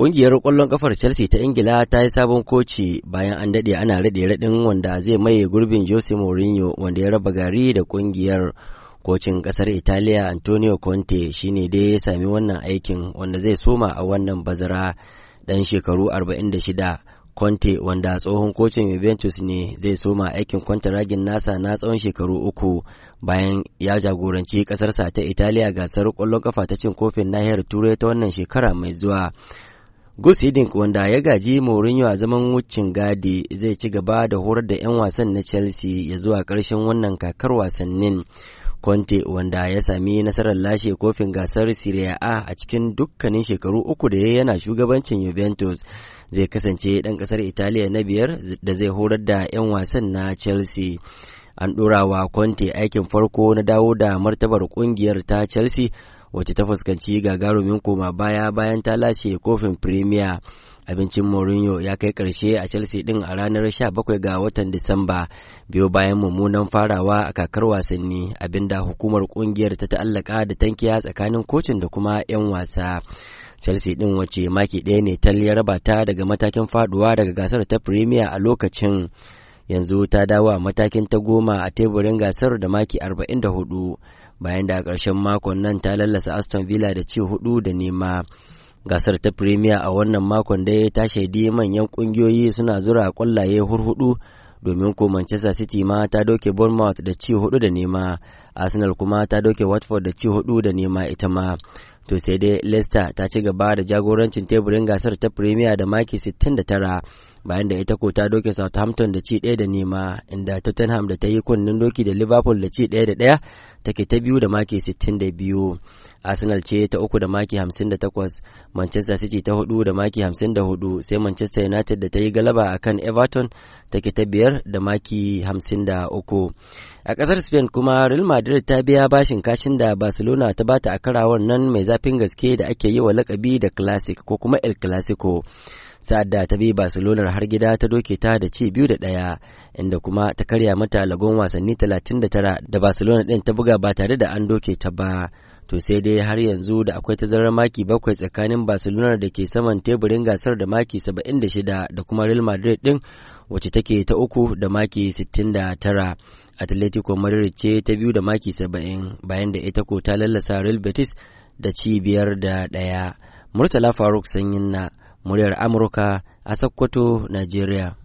Ƙungiyar kwallon ƙafar Chelsea ta Ingila ta yi sabon koci bayan an daɗe ana raɗe raɗin wanda zai maye gurbin Jose Mourinho wanda ya raba gari da ƙungiyar kocin ƙasar Italiya Antonio Conte shine dai ya sami wannan aikin wanda zai soma a wannan bazara ɗan shekaru 46 Conte wanda tsohon kocin Juventus ne zai soma aikin kwantaragin nasa na tsawon shekaru uku bayan ya jagoranci ƙasarsa ta Italiya gasar ƙwallon ƙafa ta cin kofin nahiyar Turai ta wannan shekara mai zuwa. Gus Hiddink wanda ya gaji Mourinho a zaman wucin gadi zai ci gaba da horar da 'yan wasan na Chelsea ya zuwa ƙarshen wannan kakar wasannin. Conte wanda ya sami nasarar lashe kofin gasar Serie A a cikin dukkanin shekaru uku da ya yana shugabancin Juventus zai kasance ɗan ƙasar Italiya na biyar da zai horar da 'yan wasan na Chelsea. An ɗora wa Conte aikin farko na dawo da martabar ƙungiyar ta Chelsea wacce ta fuskanci gagarumin koma baya bayan ta lashe kofin premier abincin Mourinho ya kai karshe a Chelsea din a ranar 17 ga watan Disamba biyu bayan mummunan farawa a kakar wasanni abinda hukumar kungiyar ta ta'allaka da tankiya tsakanin kocin da kuma 'yan wasa. Chelsea din wacce maki ɗaya ne ta raba ta daga matakin faduwa daga gasar ta Premier a lokacin yanzu ta dawo a matakin ta goma a teburin gasar da maki 44. bayan da a ƙarshen makon nan ta lallasa aston villa da ci hudu da nema gasar ta premier a wannan makon da ya ta shaidi manyan ƙungiyoyi suna zura kwallaye hurhudu domin ko manchester city ma ta doke bournemouth da ci hudu da nema arsenal kuma ta doke watford da ci hudu da nema ita ma to sai dai leicester ta ci gaba da jagorancin teburin gasar ta premier da maki 69 bayan da ita ko ta doke southampton da ci 1 da nema inda tottenham da ta yi kunnen doki da liverpool da ci 1 da 1 take ta biyu da maki 62 arsenal ce ta uku da maki 58 manchester city ta hudu da maki 54 sai manchester united da ta yi galaba akan everton take ta biyar da maki 53 A ƙasar Spain kuma Real Madrid ta biya bashin kashin da Barcelona ta bata a karawar nan mai zafin gaske da ake yi wa lakabi da Classic ko kuma El Clasico. sa'ad da ta bi Barcelona har gida ta doke ta da ci biyu da ɗaya inda kuma ta karya mata lagon wasanni 39 da Barcelona ɗin ta buga ba tare da an doke ta ba. To sai dai har yanzu da akwai tazarar maki bakwai tsakanin Barcelona da ke saman teburin gasar da maki 76 da kuma Real Madrid ɗin wacce take ta uku da maki 69 atletico madrid ce ta biyu da maki 70 bayan da ita ko ta lallasa real betis da ci biyar da ɗaya murtala faruk sanyin na muryar amurka a sokoto nigeria